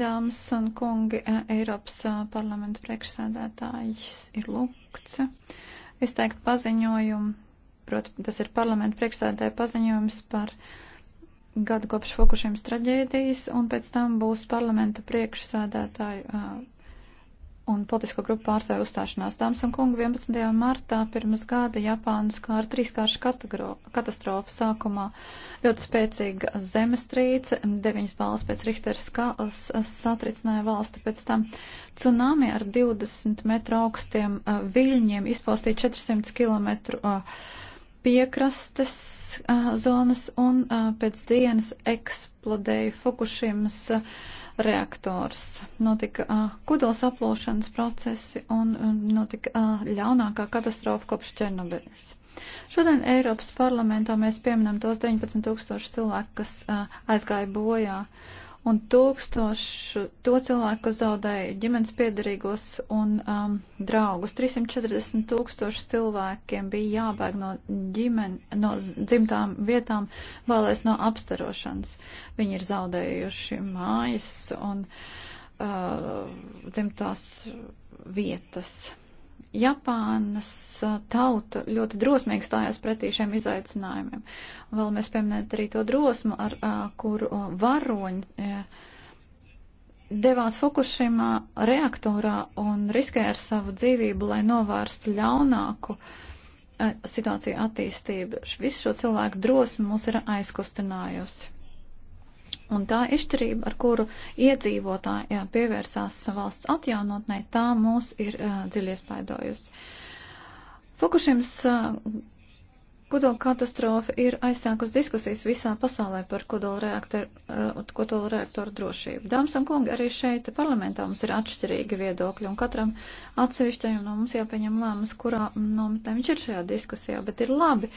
Dāmas un kungi, eh, Eiropas eh, parlamenta priekšsēdētājs ir lūgts izteikt paziņojumu, proti tas ir parlamenta priekšsēdētāja paziņojums par gadu kopš Fukušīmas traģēdijas, un pēc tam būs parlamenta priekšsēdētāju eh, un politisko grupu pārstāvju uzstāšanās. Dāmas un kungi, 11. martā pirms gada Japānas kā ar trīskāršu katastrofu sākumā ļoti spēcīga zemestrīce, deviņas balvas pēc Richteras skalas satricināja valsti pēc tam. Cunami ar 20 metru augstiem viļņiem izpostīja 400 km piekrastes zonas un pēc dienas eksplodēja Fukushimas. Uh, reaktors. Notika uh, kudols aplūšanas procesi un um, notika uh, ļaunākā katastrofa kopš Černobiļas. Šodien Eiropas parlamentā mēs pieminam tos 19 tūkstošus cilvēku, kas uh, aizgāja bojā un tūkstošu to cilvēku, kas zaudēja ģimenes piedarīgos un um, draugus. 340 tūkstoši cilvēkiem bija jābēg no ģimen, no dzimtām vietām, vēlēs no apstarošanas. Viņi ir zaudējuši mājas un uh, dzimtās vietas. Japānas tauta ļoti drosmīgi stājās pretī šiem izaicinājumiem. Vēlamies pieminēt arī to drosmu, ar kuru varoņi devās Fukushimā reaktorā un riskēja ar savu dzīvību, lai novērstu ļaunāku situāciju attīstību. Visu šo cilvēku drosmi mūs ir aizkustinājusi. Un tā izšķirība, ar kuru iedzīvotāji jā, pievērsās valsts atjaunotnē, tā mūs ir dziļi iespaidojusi. Fukušims Kodola katastrofa ir aizsākus diskusijas visā pasaulē par kodola uh, reaktoru, kodola reaktoru drošību. Dāmas un kungi, arī šeit parlamentā mums ir atšķirīgi viedokļi, un katram atsevišķajam no mums jāpieņem lēmums, kurā nometnē viņš ir šajā diskusijā. Bet ir labi,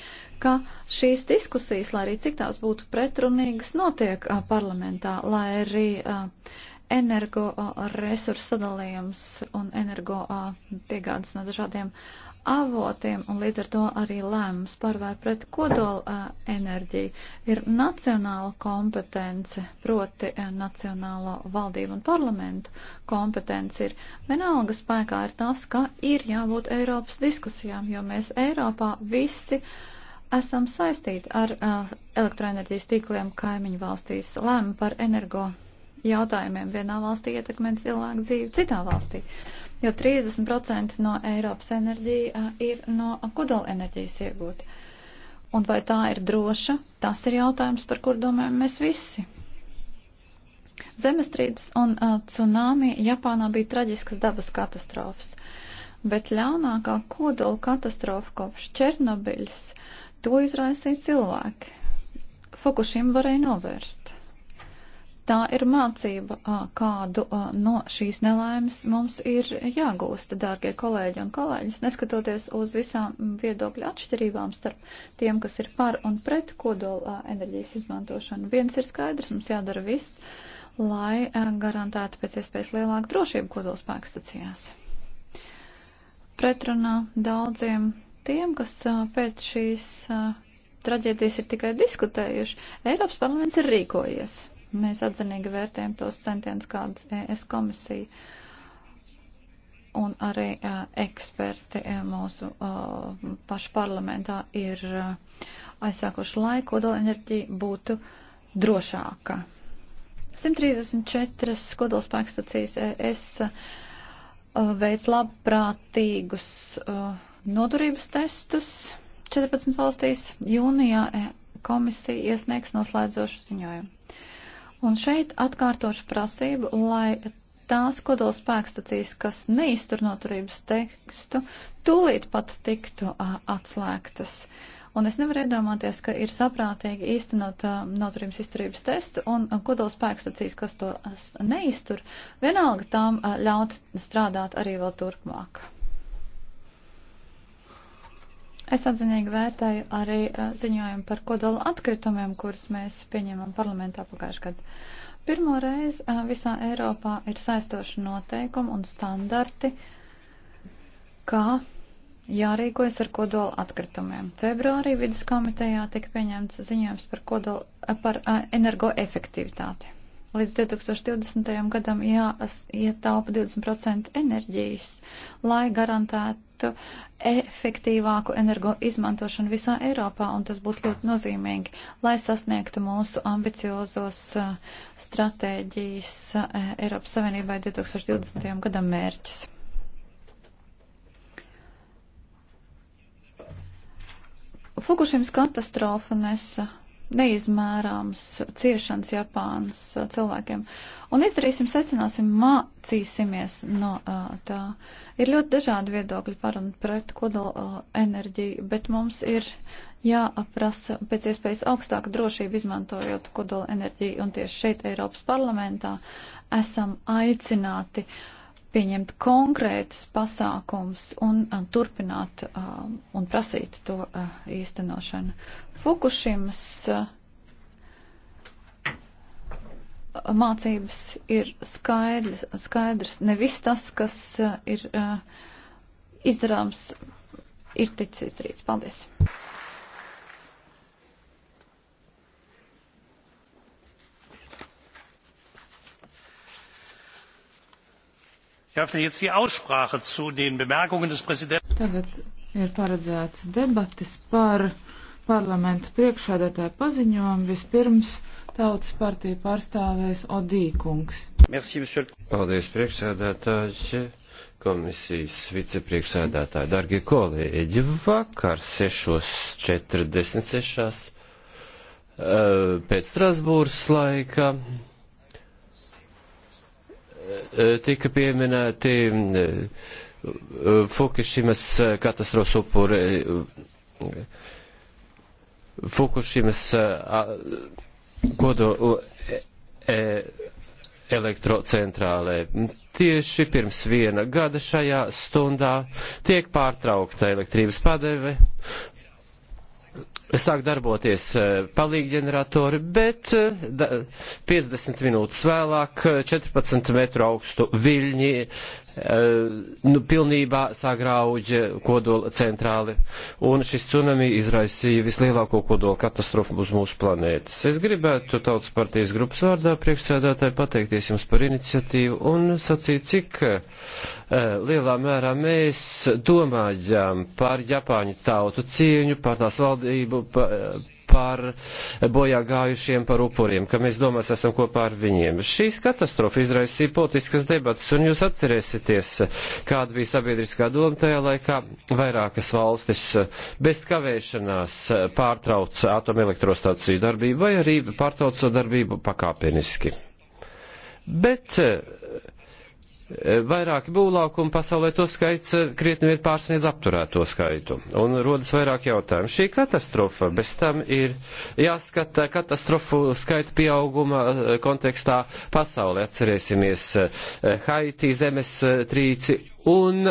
ka šīs diskusijas, lai arī cik tās būtu pretrunīgas, notiek uh, parlamentā, lai arī. Uh, energoresursu sadalījums un energo piegādes no dažādiem avotiem un līdz ar to arī lēmums par vai pret kodola enerģiju ir nacionāla kompetence, proti nacionālo valdību un parlamentu kompetence ir. Vienalga spēkā ir tas, ka ir jābūt Eiropas diskusijām, jo mēs Eiropā visi esam saistīti ar elektroenerģijas tīkliem kaimiņu valstīs. Lēma par energo jautājumiem. Vienā valstī ietekmē cilvēku dzīvi citā valstī, jo 30% no Eiropas enerģija ir no kodola enerģijas iegūta. Un vai tā ir droša, tas ir jautājums, par kur domājam mēs visi. Zemestrīces un uh, cunāmi Japānā bija traģiskas dabas katastrofas, bet ļaunākā kodola katastrofa kopš Černobiļas to izraisīja cilvēki. Fukušim varēja novērst. Tā ir mācība, kādu no šīs nelaimes mums ir jāgūst, dārgie kolēģi un kolēģis, neskatoties uz visām viedokļu atšķirībām starp tiem, kas ir par un pret kodola enerģijas izmantošanu. Viens ir skaidrs, mums jādara viss, lai garantētu pēc iespējas lielāku drošību kodolspēku stacijās. Pretrunā daudziem tiem, kas pēc šīs traģēdijas ir tikai diskutējuši, Eiropas parlaments ir rīkojies. Mēs atzinīgi vērtējam tos centienus, kādas ES komisija un arī uh, eksperti e, mūsu uh, e, pašu parlamentā ir uh, aizsākuši laiku, kodolenerģija būtu drošāka. 134 kodolspēkstacijas ES veids labprātīgus nodurības testus 14 valstīs. Jūnijā komisija iesniegs noslēdzošu ziņojumu. Un šeit atkārtošu prasību, lai tās kodola spēkstacijas, kas neiztur noturības tekstu, tūlīt pat tiktu uh, atslēgtas. Un es nevaru iedomāties, ka ir saprātīgi īstenot uh, noturības izturības testu un uh, kodola spēkstacijas, kas to neiztur, vienalga tām uh, ļaut strādāt arī vēl turpmāk. Es atzinīgi vērtēju arī ziņojumu par kodola atkritumiem, kurus mēs pieņēmām parlamentā pagājušajā gadā. Pirmo reizi visā Eiropā ir saistoši noteikumi un standarti, kā jārīkojas ar kodola atkritumiem. Februārī vidas komitejā tika pieņemts ziņojums par, kodola, par energoefektivitāti. Līdz 2020. gadam jāietaupa 20% enerģijas, lai garantētu efektīvāku energo izmantošanu visā Eiropā, un tas būtu ļoti nozīmīgi, lai sasniegtu mūsu ambiciozos uh, stratēģijas uh, Eiropas Savienībai 2020. gadam mērķus. Fukušims katastrofa nesa neizmērāms ciešanas Japānas cilvēkiem. Un izdarīsim, secināsim, mācīsimies no uh, tā. Ir ļoti dažādi viedokļi par un pret kodola uh, enerģiju, bet mums ir jāprasa pēc iespējas augstāka drošība izmantojot kodola enerģiju. Un tieši šeit Eiropas parlamentā esam aicināti uh, pieņemt konkrētus pasākums un a, uh, turpināt a, uh, un prasīt to a, uh, īstenošanu. Fukushimas mācības ir skaidrs, skaidrs. Ne viss tas, kas ir izdarāms, ir ticis izdarīts. Paldies! Ich eröffne jetzt die Aussprache zu den Bemerkungen des Präsidenten. Tagad ir paredzēts debatis par parlamenta priekšsēdētāju paziņojumu. Vispirms Tautas partija pārstāvēs Odīkungs. Merci, monsieur. Paldies, priekšsēdētāji komisijas vicepriekšsēdētāji, dargie kolēģi, vakar 6.46 eh, pēc Strasbūras laika Eh, tika pieminēti eh, eh, Fukushimas katastrofas upuri, Fukushimas kodola e, e, elektrocentrālē. Tieši pirms viena gada šajā stundā tiek pārtraukta elektrības padeve sāk darboties eh, palīgģeneratori, bet 50 eh, minūtes vēlāk 14 eh, metru augstu viļņi Eh, nu, pilnībā sagrauj kodola centrāli, un šis tsunami izraisīja vislielāko kodola katastrofu uz mūsu planētas. Es gribētu Tautas partijas grupas vārdā priekšsēdētāji pateikties jums par iniciatīvu un sacīt, cik uh, lielā mērā mēs domājam par Japāņu tautu cieņu, par tās valdību, par, par bojā gājušiem, par upuriem, ka mēs domās esam kopā ar viņiem. Šīs katastrofa izraisīja politiskas debatas, un jūs atcerēsieties, kāda bija sabiedriskā doma tajā laikā. Vairākas valstis bez kavēšanās pārtrauca atomelektrostāciju darbību vai arī pārtrauca darbību pakāpeniski. Bet vairāki būvlaukumi pasaulē to skaits eh, krietni vien pārsniedz apturēto skaitu. Un rodas vairāk jautājumu. Šī katastrofa bez tam ir jāskata katastrofu skaitu pieauguma eh, kontekstā pasaulē. Atcerēsimies eh, Haiti, zemes trīci un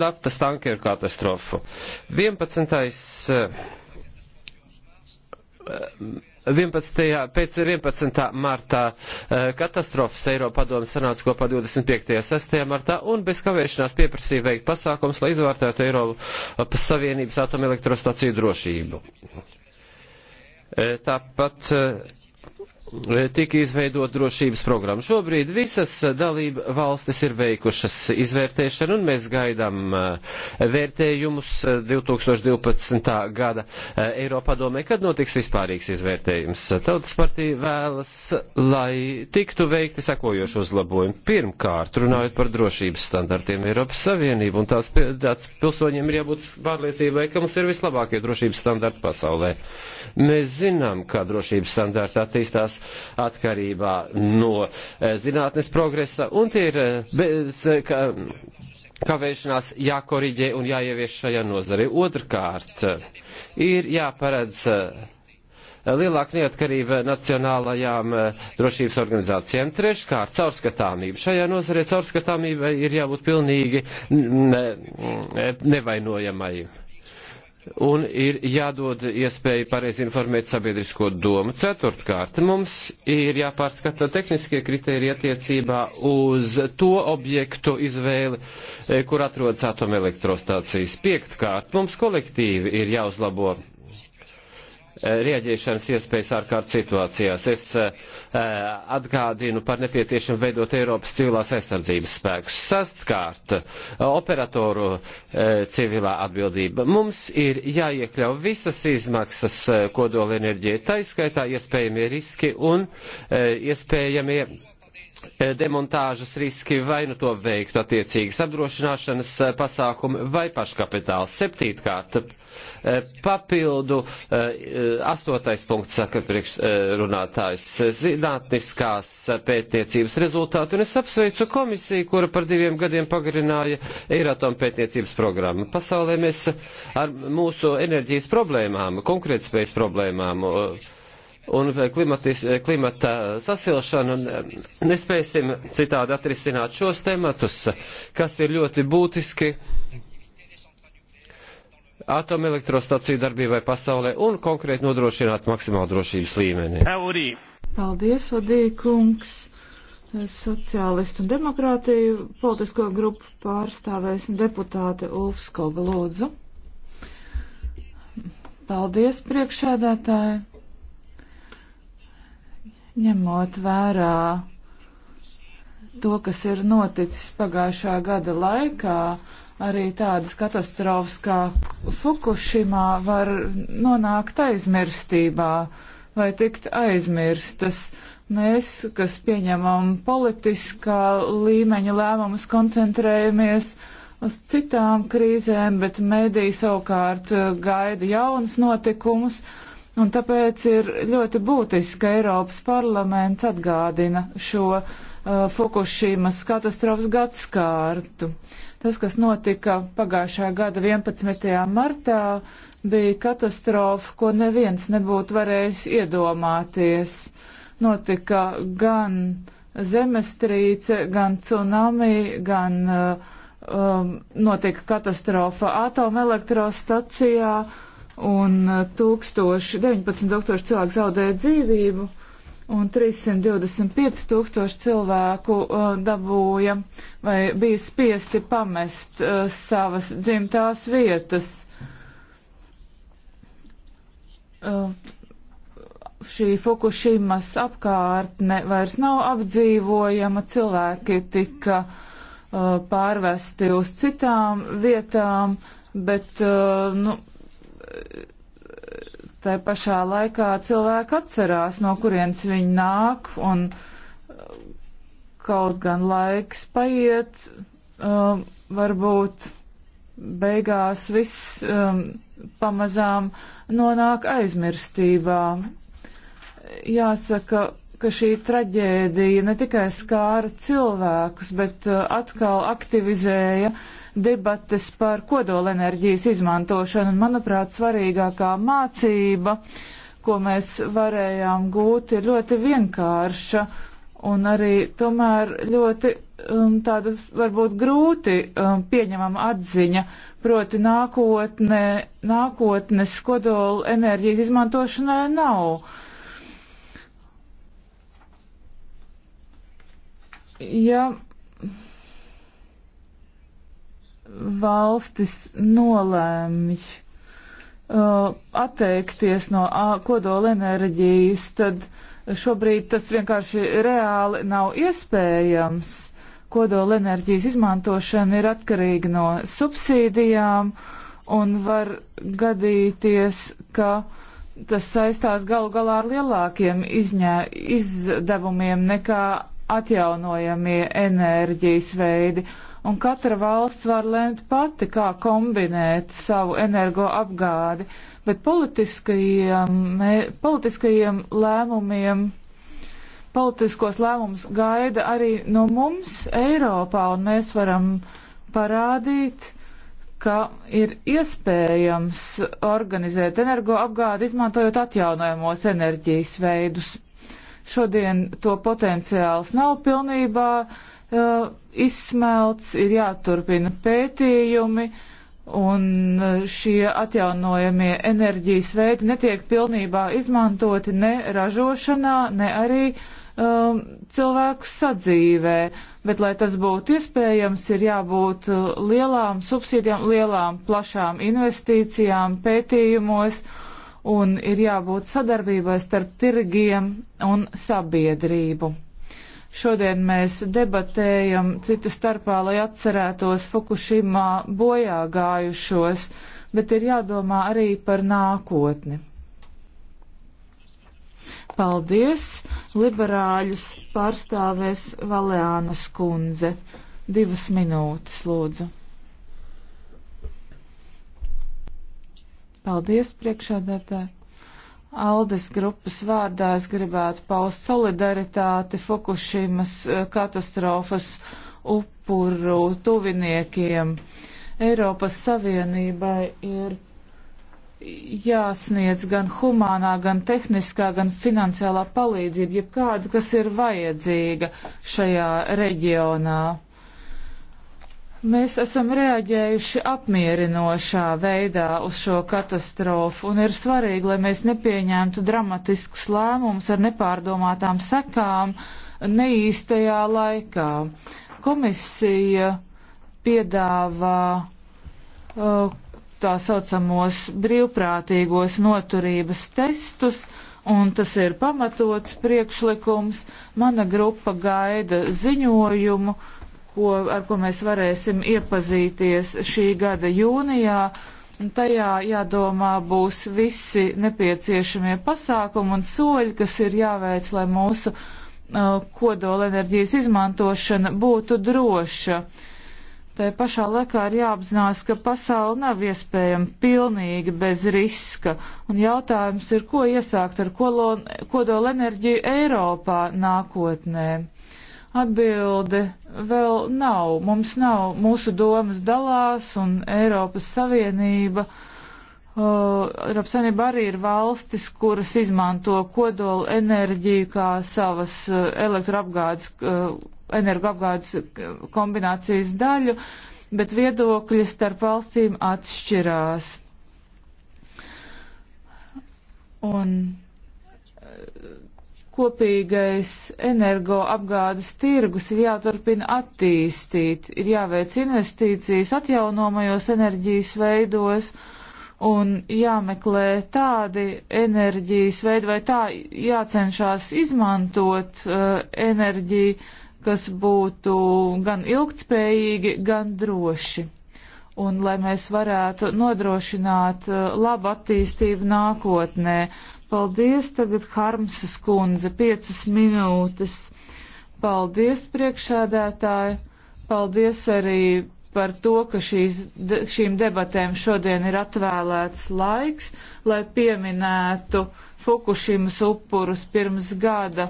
naftas tankeru katastrofu. 11. 11. pēc 11. martā eh, katastrofas Eiropa padomu sanāca kopā 25. 6. martā un bez kavēšanās pieprasīja veikt pasākums, lai izvērtētu Eiropas Savienības atomelektrostaciju drošību. Eh, tāpat eh, tika izveidot drošības programma. Šobrīd visas dalība valstis ir veikušas izvērtēšanu, un mēs gaidām eh, vērtējumus 2012. Eh, gada eh, Eiropadomē, kad notiks vispārīgs izvērtējums. Tautas partija vēlas, lai tiktu veikti sakojoši uzlabojumi. Pirmkārt, runājot par drošības standartiem Eiropas Savienību, un tās pilsoņiem ir jābūt pārliecībai, ka mums ir vislabākie drošības standarti pasaulē. Mēs zinām, kā drošības standarti attīstās atkarībā no eh, zinātnes progresa, un tie ir eh, bez, eh, ka, kavēšanās jākoriģē un jāievieš šajā nozarē. Otrkārt, ir jāparedz lielāka neatkarība nacionālajām drošības organizācijām. Treškārt, caurskatāmība. Šajā nozarē caurskatāmībai ir jābūt pilnīgi nevainojamai un ir jādod iespēja pareizi informēt sabiedrisko domu. Ceturtkārt, mums ir jāpārskata tehniskie kriteriji attiecībā uz to objektu izvēli, e, kur atrodas atomelektrostācijas. Piektkārt, mums kolektīvi ir jāuzlabo Eh, rieģēšanas iespējas ārkārt situācijās. Es eh, atgādinu par nepieciešam veidot Eiropas civilās aizsardzības spēkus. Sastkārt, eh, operatoru civilā atbildība. Mums ir jāiekļau visas izmaksas kodola enerģija, taiskaitā iespējamie riski un iespējamie demontāžas riski, vai nu to veiktu attiecīgas apdrošināšanas pasākumi vai paškapitāls. Septītkārt, Eh, papildu. Eh, astotais punkts, saka priekšrunātājs, eh, zinātniskās pētniecības rezultāti, un es apsveicu komisiju, kura par diviem gadiem pagarināja Eiratom pētniecības programmu. Pasaulē mēs ar mūsu enerģijas problēmām, konkrētspējas problēmām, un klimatis, klimata sasilšanu nespēsim citādi atrisināt šos tematus, kas ir ļoti būtiski atomelektrostaciju darbībai pasaulē un konkrēti nodrošināt maksimālu drošības līmeni. Aurī. Paldies, Odīja kungs! Sociālistu un demokrātiju politisko grupu pārstāvēs deputāte Ulfs Koga lūdzu. Paldies, priekšādātāji! Ņemot vērā to, kas ir noticis pagājušā gada laikā, arī tādas katastrofas kā Fukushimā var nonākt aizmirstībā vai tikt aizmirstas. Mēs, kas pieņemam politiskā līmeņa lēmumus, koncentrējamies uz citām krīzēm, bet mediji savukārt eh, gaida jaunas notikumus Un tāpēc ir ļoti būtiski, ka Eiropas parlaments atgādina šo uh, Fukushimas katastrofas gadskārtu. Tas, kas notika pagājušā gada 11. martā, bija katastrofa, ko neviens nebūtu varējis iedomāties. Notika gan zemestrīce, gan tsunami, gan uh, um, notika katastrofa atomelektrostacijā un 1000, e, 19 tūkstoši cilvēku zaudēja dzīvību un 325 tūkstoši cilvēku uh, dabūja vai bija spiesti pamest uh, savas dzimtās vietas. Uh, šī Fukushimas apkārtne vairs nav apdzīvojama, cilvēki tika uh, pārvesti uz citām vietām, bet uh, nu, tai pašā laikā cilvēki atcerās, no kurienes viņi nāk, un uh, kaut gan laiks paiet, um, varbūt beigās viss um, pamazām nonāk aizmirstībā. Jāsaka, ka šī traģēdija ne tikai skāra cilvēkus, bet uh, atkal aktivizēja debates par kodolenerģijas izmantošanu. Un, manuprāt, svarīgākā mācība, ko mēs varējām gūt, ir ļoti vienkārša un arī tomēr ļoti um, tāda varbūt grūti um, pieņemama atziņa, proti nākotne, nākotnes kodola enerģijas izmantošanai nav. ja valstis nolēmj uh, atteikties no kodola enerģijas, tad šobrīd tas vienkārši reāli nav iespējams. Kodola enerģijas izmantošana ir atkarīga no subsīdijām un var gadīties, ka tas saistās galu galā ar lielākiem izņē, izdevumiem nekā atjaunojamie enerģijas veidi, un katra valsts var lemt pati, kā kombinēt savu energoapgādi, bet politiskajiem, politiskajiem lēmumiem, politiskos lēmumus gaida arī no mums Eiropā, un mēs varam parādīt, ka ir iespējams organizēt energoapgādi, izmantojot atjaunojamos enerģijas veidus Šodien to potenciāls nav pilnībā uh, izsmelts, ir jāturpina pētījumi, un uh, šie atjaunojamie enerģijas veidi netiek pilnībā izmantoti ne ražošanā, ne arī um, cilvēku sadzīvē. Bet, lai tas būtu iespējams, ir jābūt uh, lielām subsīdijām, lielām plašām investīcijām, pētījumos. Uh, un ir jābūt sadarbībai starp tirgiem un sabiedrību. Šodien mēs debatējam cita starpā, lai atcerētos Fukushimā bojā gājušos, bet ir jādomā arī par nākotni. Paldies! Liberāļus pārstāvēs Valēnas kundze. Divas minūtes, lūdzu. Paldies, priekšādātāji! Aldes grupas vārdā es gribētu paust solidaritāti Fukushimas eh, katastrofas upuru tuviniekiem. Eiropas Savienībai ir jāsniedz gan humānā, gan tehniskā, gan finansiālā palīdzība, jebkāda, kas ir vajadzīga šajā reģionā. Mēs esam reaģējuši apmierinošā veidā uz šo katastrofu, un ir svarīgi, lai mēs nepieņemtu dramatiskus lēmumus ar nepārdomātām sekām neīstajā laikā. Komisija piedāvā uh, tā saucamos brīvprātīgos noturības testus, un tas ir pamatots priekšlikums. Mana grupa gaida ziņojumu ko, ar ko mēs varēsim iepazīties šī gada jūnijā. Tajā jādomā būs visi nepieciešamie pasākumi un soļi, kas ir jāveic, lai mūsu uh, kodolenerģijas izmantošana būtu droša. Tā pašā laikā ir jāapzinās, ka pasauli nav iespējama pilnīgi bez riska, un jautājums ir, ko iesākt ar kodolenerģiju Eiropā nākotnē. Atbilde vēl nav. Mums nav, mūsu domas dalās un Eiropas Savienība. Uh, Eiropas Savienība arī ir valstis, kuras izmanto kodolu enerģiju kā savas uh, elektroapgādes, uh, energoapgādes uh, kombinācijas daļu, bet viedokļi starp valstīm atšķirās. Un uh, kopīgais energoapgādes tirgus ir jāturpina attīstīt, ir jāveic investīcijas atjaunomajos enerģijas veidos un jāmeklē tādi enerģijas veidi vai tā jācenšas izmantot uh, enerģiju, kas būtu gan ilgtspējīgi, gan droši. Un lai mēs varētu nodrošināt uh, labu attīstību nākotnē, Paldies, tagad Harmsas kundze, piecas minūtes. Paldies, priekšādētāji. Paldies arī par to, ka šīs, šīm debatēm šodien ir atvēlēts laiks, lai pieminētu Fukushimas upurus pirms gada.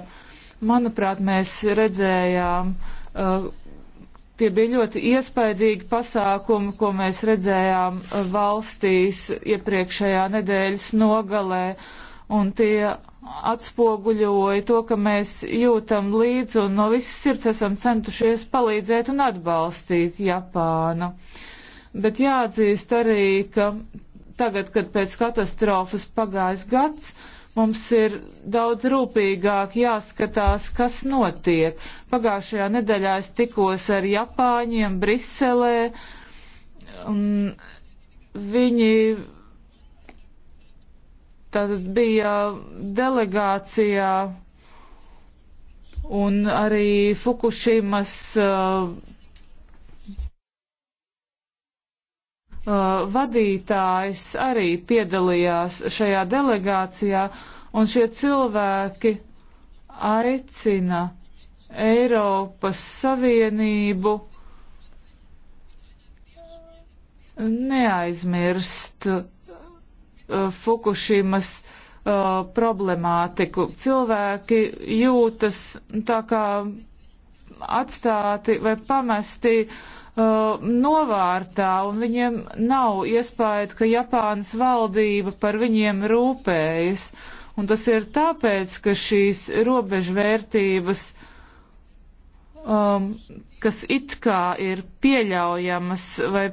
Manuprāt, mēs redzējām, uh, tie bija ļoti iespaidīgi pasākumi, ko mēs redzējām uh, valstīs iepriekšējā nedēļas nogalē. Uh, un tie atspoguļoja to, ka mēs jūtam līdzi un no visas sirds esam centušies palīdzēt un atbalstīt Japānu. Bet jāatzīst arī, ka tagad, kad pēc katastrofas pagājis gads, mums ir daudz rūpīgāk jāskatās, kas notiek. Pagājušajā nedēļā es tikos ar Japāņiem Briselē, un viņi Tad bija delegācijā un arī Fukushimas uh, Uh, vadītājs arī piedalījās šajā delegācijā, un šie cilvēki aicina Eiropas Savienību neaizmirst Uh, Fukushimas uh, problemātiku. Cilvēki jūtas tā kā atstāti vai pamesti uh, novārtā, un viņiem nav iespēja, ka Japānas valdība par viņiem rūpējas. Un tas ir tāpēc, ka šīs robežvērtības um, kas it kā ir pieļaujamas vai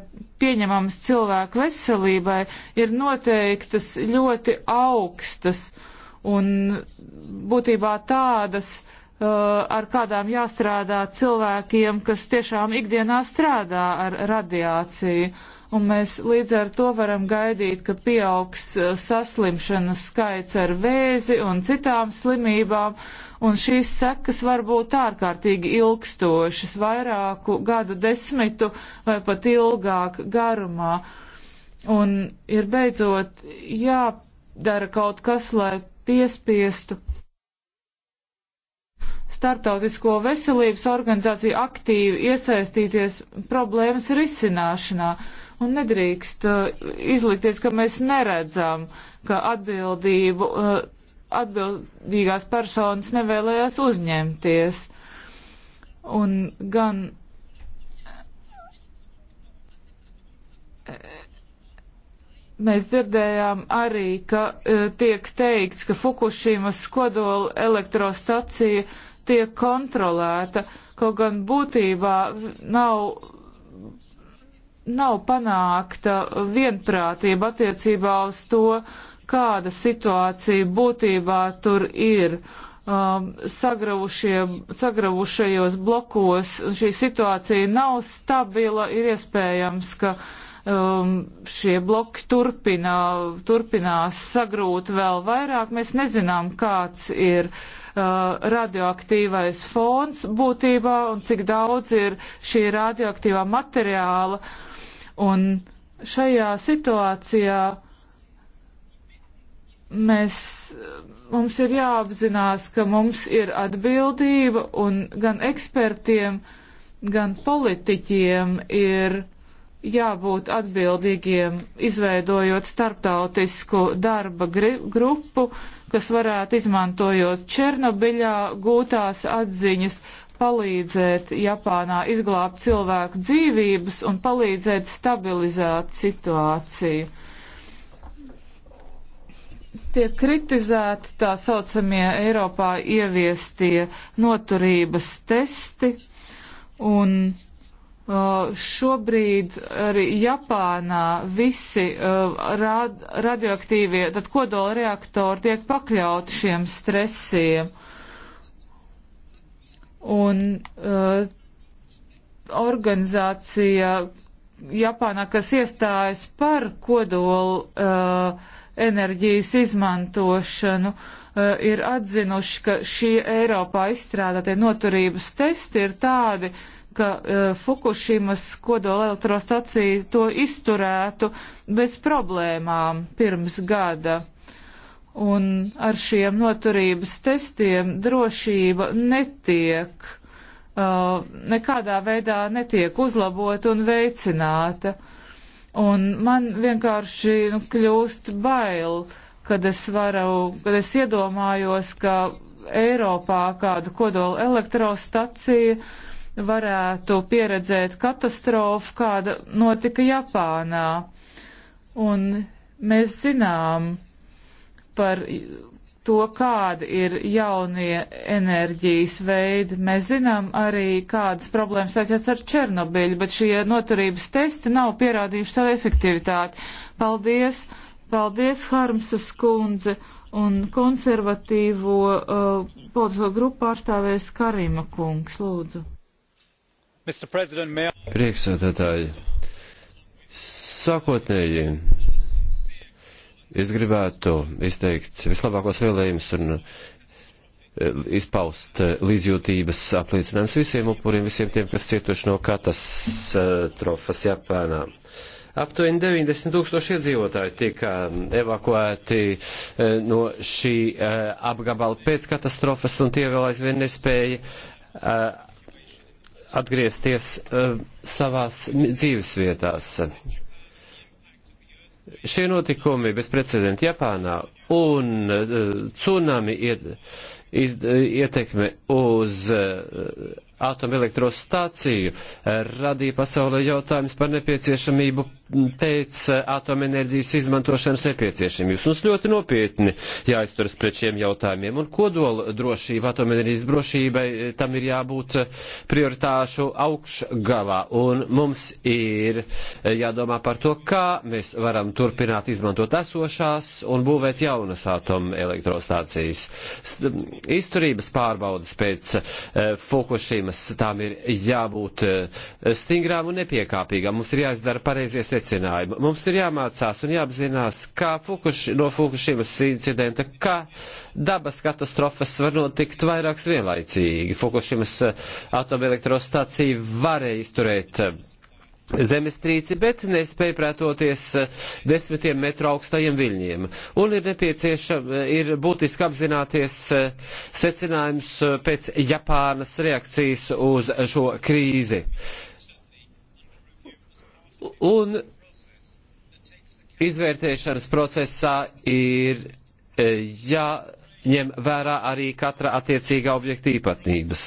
pieņemamas cilvēku veselībai, ir noteiktas ļoti augstas un būtībā tādas, uh, ar kādām jāstrādā cilvēkiem, kas tiešām ikdienā strādā ar radiāciju. Uh, un mēs līdz ar to varam gaidīt, ka pieaugs e, saslimšanu skaits ar vēzi un citām slimībām, un šīs sekas var būt ārkārtīgi ilgstošas, vairāku gadu desmitu vai pat ilgāk garumā. Un ir beidzot jādara kaut kas, lai piespiestu Startautisko veselības organizāciju aktīvi iesaistīties problēmas risināšanā un nedrīkst uh, izlikties, ka mēs neredzam, ka atbildību, uh, atbildīgās personas nevēlējās uzņemties. Un gan mēs dzirdējām arī, ka uh, tiek teikts, ka Fukushimas kodola elektrostacija uh, tiek kontrolēta, kaut gan būtībā nav, nav panākta vienprātība attiecībā uz to, kāda situācija būtībā tur ir. Um, sagravušajos blokos šī situācija nav stabila, ir iespējams, ka uh, um, šie bloki turpina, turpinās sagrūt vēl vairāk. Mēs nezinām, kāds ir uh, radioaktīvais fons būtībā un cik daudz ir šī radioaktīvā materiāla. Un šajā situācijā mēs, mums ir jāapzinās, ka mums ir atbildība un gan ekspertiem, gan politiķiem ir jābūt atbildīgiem, izveidojot starptautisku darba grupu, kas varētu izmantojot Černobiļā gūtās atziņas, palīdzēt Japānā izglābt cilvēku dzīvības un palīdzēt stabilizēt situāciju. Tiek kritizēti tā saucamie Eiropā ieviestie noturības testi un Uh, šobrīd arī Japānā visi uh, rad, radioaktīvie, tad kodola reaktori tiek pakļauti šiem stresiem. Un uh, organizācija Japānā, kas iestājas par kodolu uh, enerģijas izmantošanu, uh, ir atzinuši, ka šie Eiropā izstrādātie noturības testi ir tādi, uh, ka uh, Fukushimas kodola elektrostacija to izturētu bez problēmām pirms gada. Un ar šiem noturības testiem drošība netiek, uh, nekādā veidā netiek uzlabota un veicināta. Un man vienkārši nu, kļūst bail, kad es varu, kad es iedomājos, ka Eiropā kāda kodola elektrostaciju varētu pieredzēt katastrofu, kāda notika Japānā. Un mēs zinām par to, kāda ir jaunie enerģijas veidi. Mēs zinām arī, kādas problēmas saistās ar Černobiļu, bet šie noturības testi nav pierādījuši savu efektivitāti. Paldies! Paldies, Harmsas kundze! Un konservatīvo uh, politisko grupu pārstāvēs Karima kungs, lūdzu. Priekšsēdētāji, sākotnēji es gribētu izteikt vislabākos vēlējumus un eh, izpaust eh, līdzjūtības apliecinājums visiem upuriem, visiem tiem, kas cietuši no katastrofas Japānā. Aptuveni 90 tūkstoši iedzīvotāji tika eh, evakuēti no šī apgabala pēc katastrofas, un tie vēl aizvien nespēja atgriezties uh, savās dzīves vietās. Šie notikumi bezprecedenti Japānā un uh, tsunami iet, iz, ietekme uz uh, atomelektrostaciju radīja pasaulē jautājums par nepieciešamību pēc atomenerģijas izmantošanas nepieciešamības. Mums ļoti nopietni jāizturas pret šiem jautājumiem, un kodola drošība, atomenerģijas drošībai tam ir jābūt prioritāšu augšgalā, un mums ir jādomā par to, kā mēs varam turpināt izmantot esošās un būvēt jaunas atomelektrostācijas. Izturības pārbaudas pēc eh, Fukushima sistēmas, tām ir jābūt eh, stingrām un nepiekāpīgām. Mums ir jāizdara pareizie secinājumi. Mums ir jāmācās un jāapzinās, kā Fukuši, no Fukushimas incidenta, kā dabas katastrofas var notikt vairākas vienlaicīgi. Fukushimas eh, atomelektrostācija varēja izturēt eh, zemestrīci, bet nespēja pretoties eh, desmitiem metru augstajiem viļņiem. Un ir nepieciešama, eh, ir būtiski apzināties eh, secinājums pēc Japānas reakcijas uz šo krīzi. Un izvērtēšanas procesā ir jāņem vērā arī katra attiecīgā objekta īpatnības.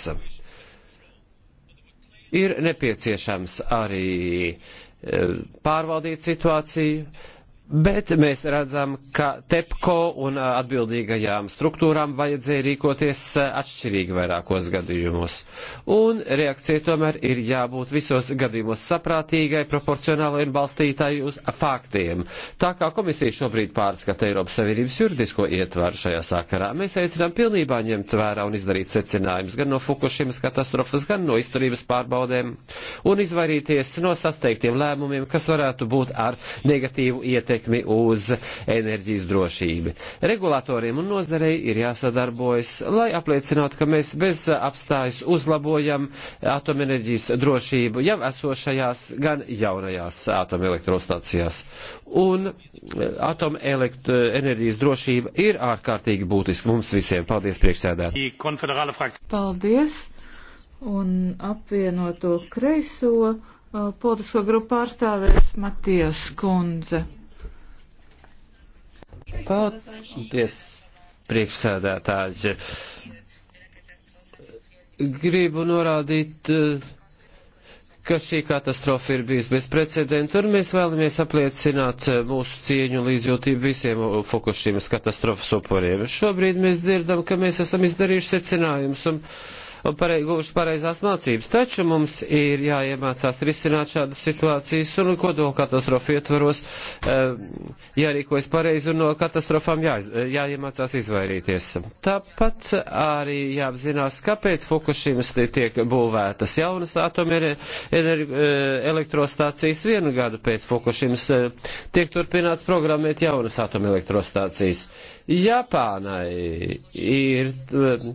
Ir nepieciešams arī eh, pārvaldīt situāciju, Bet mēs redzam, ka TEPCO un atbildīgajām struktūrām vajadzēja rīkoties atšķirīgi vairākos gadījumos. Un reakcija tomēr ir jābūt visos gadījumos saprātīgai, proporcionālai un balstītāji uz faktiem. Tā kā komisija šobrīd pārskata Eiropas Savienības juridisko ietvaru šajā sakarā, mēs aicinām pilnībā ņemt vērā un izdarīt secinājumus gan no Fukushimas katastrofas, gan no izturības pārbaudēm un izvairīties no sasteiktiem lēmumiem, kas varētu būt ar negatīvu ietekmi ietekmi uz enerģijas drošību. Regulatoriem un nozarei ir jāsadarbojas, lai apliecinātu, ka mēs bez apstājas uzlabojam atomenerģijas drošību jau esošajās, gan jaunajās atomelektrostacijās. Un e, atomenerģijas drošība ir ārkārtīgi būtiska mums visiem. Paldies, priekšsēdētāji! Paldies! un apvienoto kreiso uh, politisko grupu pārstāvēs Matijas Kundze. Paldies, priekšsēdētāji. Gribu norādīt, ka šī katastrofa ir bijusi bez precedenta, un mēs vēlamies apliecināt mūsu cieņu un līdzjūtību visiem Fukušīmas katastrofas upuriem. Šobrīd mēs dzirdam, ka mēs esam izdarījuši secinājumus. Un un parei, guvuši pareizās mācības. Taču mums ir jāiemācās risināt šādas situācijas un kodola katastrofu ietvaros eh, jārīkojas pareizi un no katastrofām jā, jāiemācās izvairīties. Tāpat arī jāapzinās, kāpēc Fukushimas tiek būvētas jaunas atomelektrostācijas eh, vienu gadu pēc Fukushimas eh, tiek turpināts programmēt jaunas atomelektrostācijas. Japānai ir um,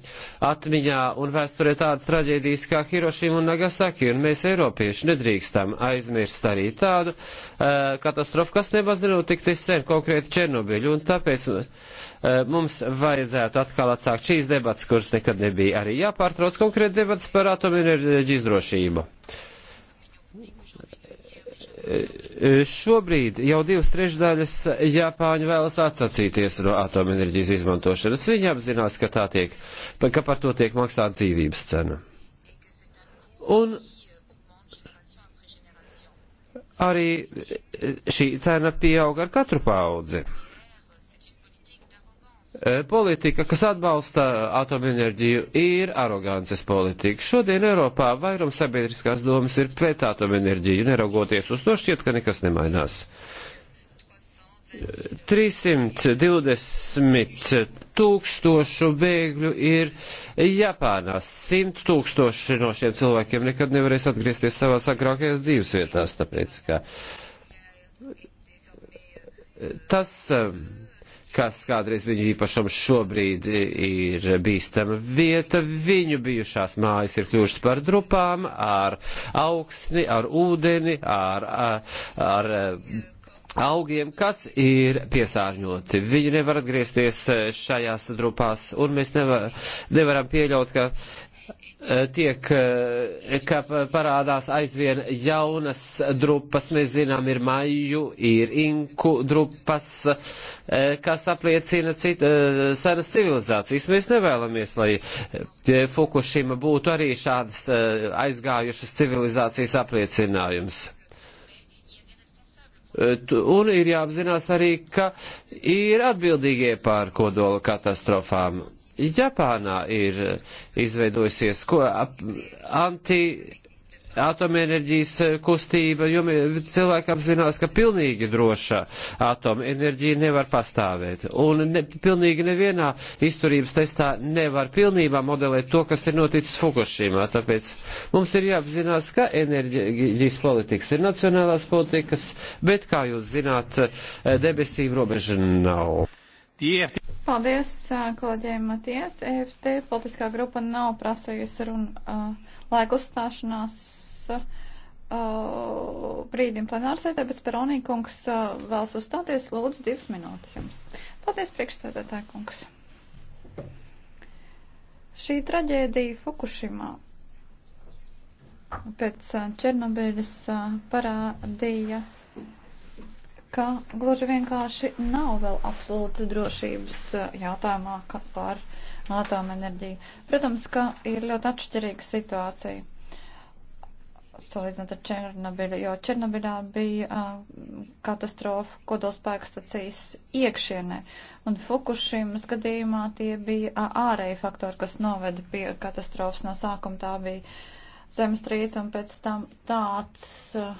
atmiņā un vēsturē tādas traģēdijas kā Hirošima un Nagasaki, un mēs Eiropieši nedrīkstam aizmirst arī tādu uh, katastrofu, kas nemaz nenotika tik sen, konkrēti Černobiļu, un tāpēc uh, mums vajadzētu atkal atsākt šīs debatas, kuras nekad nebija arī jāpārtrauc konkrēti debatas par atomenerģijas drošību. E, e, šobrīd jau divas trešdaļas Japāņu vēlas atsacīties no atomenerģijas izmantošanas. Viņi apzinās, ka, tā tiek, ka par to tiek maksāta dzīvības cena. Un arī šī cena pieauga ar katru paudzi. E, politika, kas atbalsta atomenerģiju, ir arogances politika. Šodien Eiropā vairums sabiedriskās domas ir pret atomenerģiju, neraugoties uz to šķiet, ka nekas nemainās. 320 tūkstošu bēgļu ir Japānā. 100 tūkstoši no šiem cilvēkiem nekad nevarēs atgriezties savās agrākajās dzīves vietās, tāpēc kā tas um, kas kādreiz viņu īpašam šobrīd ir bīstama vieta. Viņu bijušās mājas ir kļuvušas par drupām ar augsni, ar ūdeni, ar. ar, ar augiem, kas ir piesārņoti. Viņi nevar atgriezties šajās drupās, un mēs nevar, nevaram pieļaut, ka Eh, tiek, eh, ka parādās aizvien jaunas drupas, mēs zinām, ir maiju, ir inku drupas, eh, kas apliecina cita, senas civilizācijas. Mēs nevēlamies, lai Fukushima būtu arī šādas aizgājušas civilizācijas apliecinājums. Un ir jāapzinās arī, ka ir atbildīgie pār kodola katastrofām Japānā ir eh, izveidojusies ko, ap, anti atomenerģijas eh, kustība, jo cilvēki apzinās, ka pilnīgi droša atomenerģija nevar pastāvēt. Un ne, pilnīgi nevienā izturības testā nevar pilnībā modelēt to, kas ir noticis Fukushimā. Tāpēc mums ir jāapzinās, ka enerģijas politikas ir nacionālās politikas, bet, kā jūs zināt, eh, debesīm robeža nav. DFT. Paldies kolēģiem Maties. EFT politiskā grupa nav prasījusi runu uh, laiku uzstāšanās uh, brīdim plenārsēdē, bet Speronī kungs uh, vēlas uzstāties. Lūdzu, divas minūtes jums. Paldies, priekšsēdētāj kungs. Šī traģēdija Fukushimā pēc Černobiļas parādīja ka gluži vienkārši nav vēl absolūta drošības eh, jautājumā par atomenerģiju. Protams, ka ir ļoti atšķirīga situācija salīdzinot ar Černobiļu, jo Černobiļā bija uh, katastrofa kodolspēka stacijas iekšienē, un Fukušimas gadījumā tie bija uh, ārēji faktori, kas noveda pie katastrofas no sākuma. Tā bija zemestrīce, un pēc tam tāds uh,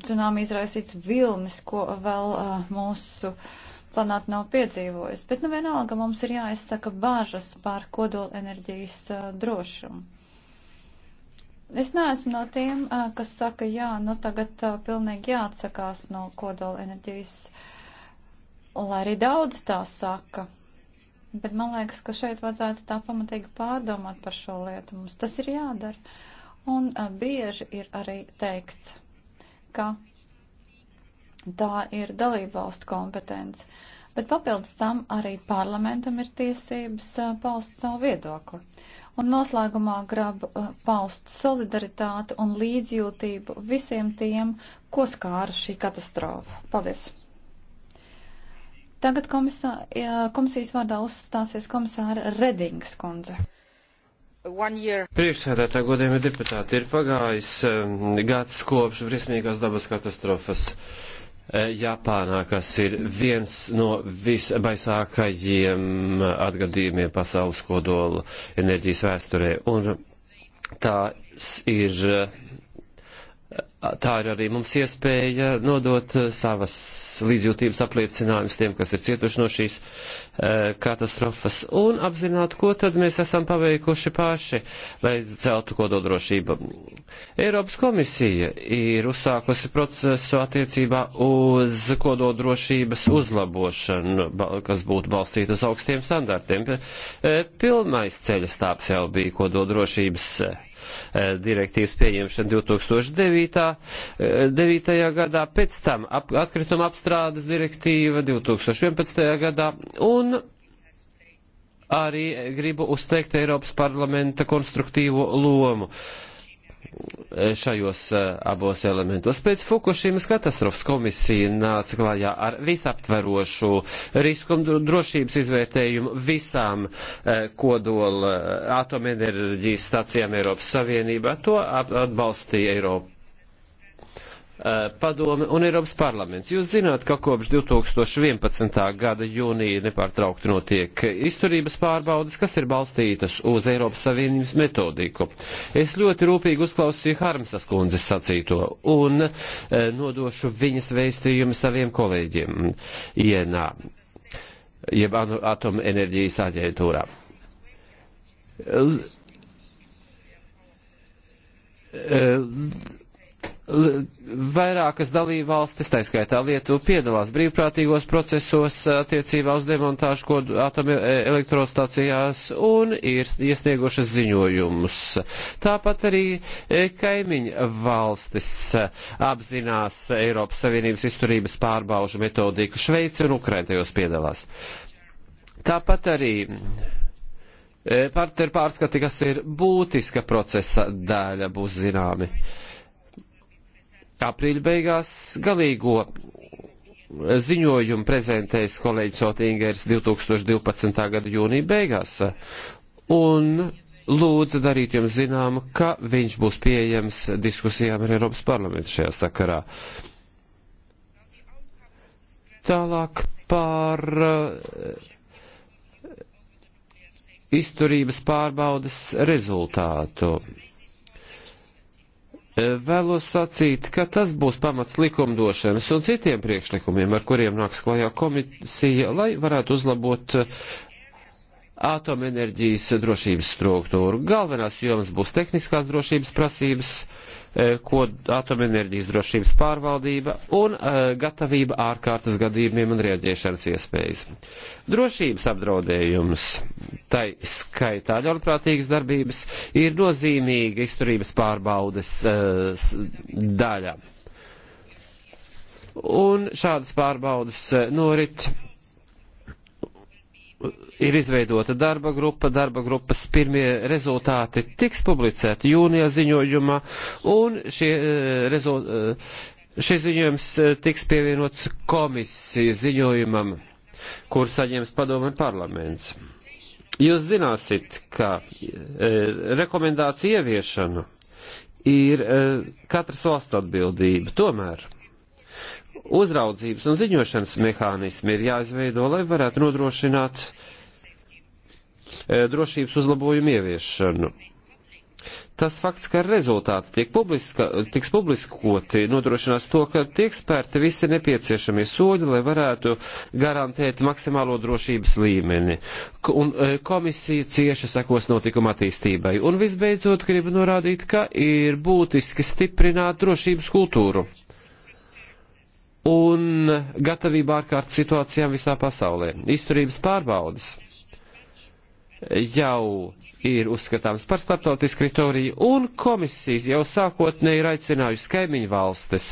cunami izraisīts vilnis, ko vēl uh, mūsu planēta nav piedzīvojusi. Bet nu vienalga mums ir jāizsaka bāžas par kodola enerģijas uh, drošumu. Es neesmu no tiem, uh, kas saka, jā, nu tagad uh, pilnīgi jāatsakās no kodola enerģijas, lai arī daudz tā saka. Bet man liekas, ka šeit vajadzētu tā pamatīgi pārdomāt par šo lietu. Mums tas ir jādara. Un uh, bieži ir arī teikts, ka tā ir dalībvalstu kompetence. Bet papildus tam arī parlamentam ir tiesības paust savu viedokli. Un noslēgumā grib paust solidaritāti un līdzjūtību visiem tiem, ko skāra šī katastrofa. Paldies! Tagad komisā, komisijas vārdā uzstāsies komisāra Redingas kundze. Priekšsēdētā godējumi deputāti ir pagājis um, gads kopš briesmīgās dabas katastrofas uh, Japānā, kas ir viens no visbaisākajiem atgadījumiem pasaules kodola enerģijas vēsturē. Un tās ir uh, Tā ir arī mums iespēja nodot eh, savas līdzjūtības apliecinājumus tiem, kas ir cietuši no šīs eh, katastrofas, un apzināt, ko tad mēs esam paveikuši paši, lai celtu kododrošību. Eiropas komisija ir uzsākusi procesu attiecībā uz kododrošības uzlabošanu, kas būtu balstīta uz augstiem standartiem. Eh, Pilnais ceļa stāps jau bija kododrošības Eh, direktīvas pieņemšana 2009. 9. Eh, gadā, pēc tam ap, atkrituma apstrādes direktīva 2011. gadā un arī gribu uzteikt Eiropas parlamenta konstruktīvo lomu. Uh, šajos eh, abos elementos. Pēc Fukušīmas katastrofas komisija nāca klājā ar visaptverošu risku un drošības izvērtējumu visām eh, kodola eh, atomenerģijas stacijām Eiropas Savienībā. To atbalstīja Eiropa Eh, padome un Eiropas parlaments. Jūs zināt, ka kopš 2011. gada jūnija nepārtraukti notiek izturības pārbaudas, kas ir balstītas uz Eiropas Savienības metodiku. Es ļoti rūpīgi uzklausīju Harmsas kundzes sacīto un eh, nodošu viņas veistījumu saviem kolēģiem ienā, jeb atomenerģijas aģentūrā. L eh, vairākas dalībvalstis, tā skaitā Lietuva, piedalās brīvprātīgos procesos attiecībā uz demontāžu kodu atomelektrostacijās e, un ir iesniegušas ziņojumus. Tāpat arī e, kaimiņa valstis apzinās Eiropas Savienības izturības pārbaužu metodiku. Šveice un Ukraina tajos piedalās. Tāpat arī e, partneru pārskati, kas ir būtiska procesa daļa, būs zināmi. Uh, aprīļa beigās galīgo ziņojumu prezentēs kolēģis Otingers 2012. gada jūnija beigās. Un lūdzu darīt jums zinām, ka viņš būs pieejams diskusijām ar Eiropas parlamentu šajā sakarā. Tālāk par uh, izturības pārbaudas rezultātu. E, vēlos sacīt, ka tas būs pamats likumdošanas un citiem priekšlikumiem, ar kuriem nāks klajā komisija, lai varētu uzlabot e, atomenerģijas drošības struktūru. Galvenās jomas būs tehniskās drošības prasības, Eh, ko atomenerģijas drošības pārvaldība un eh, gatavība ārkārtas gadījumiem un rieģiešanas iespējas. Drošības apdraudējums, tai skaitā ļaunprātīgas darbības, ir nozīmīga izturības pārbaudes eh, daļa. Un šādas pārbaudes norit ir izveidota darba grupa, darba grupas pirmie rezultāti tiks publicēti jūnijā ziņojumā, un šie eh, rezultāti, eh, šis ziņojums eh, tiks pievienots komisijas ziņojumam, kur saņems padomu parlaments. Jūs zināsit, ka rekomendāciju ieviešana ir katras valsts atbildība. Tomēr uzraudzības un ziņošanas mehānismi ir jāizveido, lai varētu nodrošināt e, drošības uzlabojumu ieviešanu. Tas fakts, ka rezultāti tiek publiska, tiks publiskoti, nodrošinās to, ka tiek spērti visi nepieciešamie soļi, lai varētu garantēt maksimālo drošības līmeni. Un e, komisija cieši sekos notikuma attīstībai. Un visbeidzot, gribu norādīt, ka ir būtiski stiprināt drošības kultūru un gatavība ārkārtas situācijām visā pasaulē. Izturības pārbaudas jau ir uzskatāms par starptautisku kritoriju, un komisijas jau sākotnēji ir aicinājusi kaimiņu valstis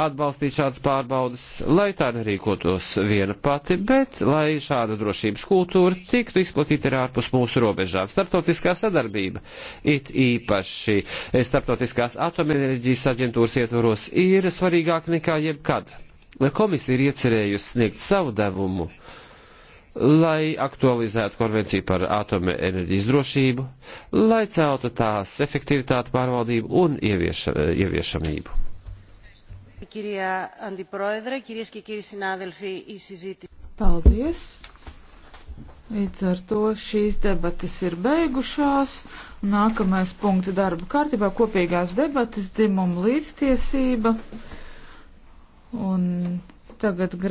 atbalstīt šādas pārbaudas, lai tā nerīkotos viena pati, bet lai šāda drošības kultūra tiktu izplatīta arī ārpus mūsu robežām. Startautiskā sadarbība, it īpaši Startautiskās atomenerģijas aģentūras ietvaros, ir svarīgāk nekā jebkad. Komisija ir iecerējusi sniegt savu devumu, lai aktualizētu konvenciju par atomenerģijas drošību, lai celtu tās efektivitāti pārvaldību un ieviešamību. Paldies! Līdz ar to šīs debatas ir beigušās. Nākamais punkts darba kārtībā - kopīgās debatas dzimuma līdztiesība. Un tagad gribu.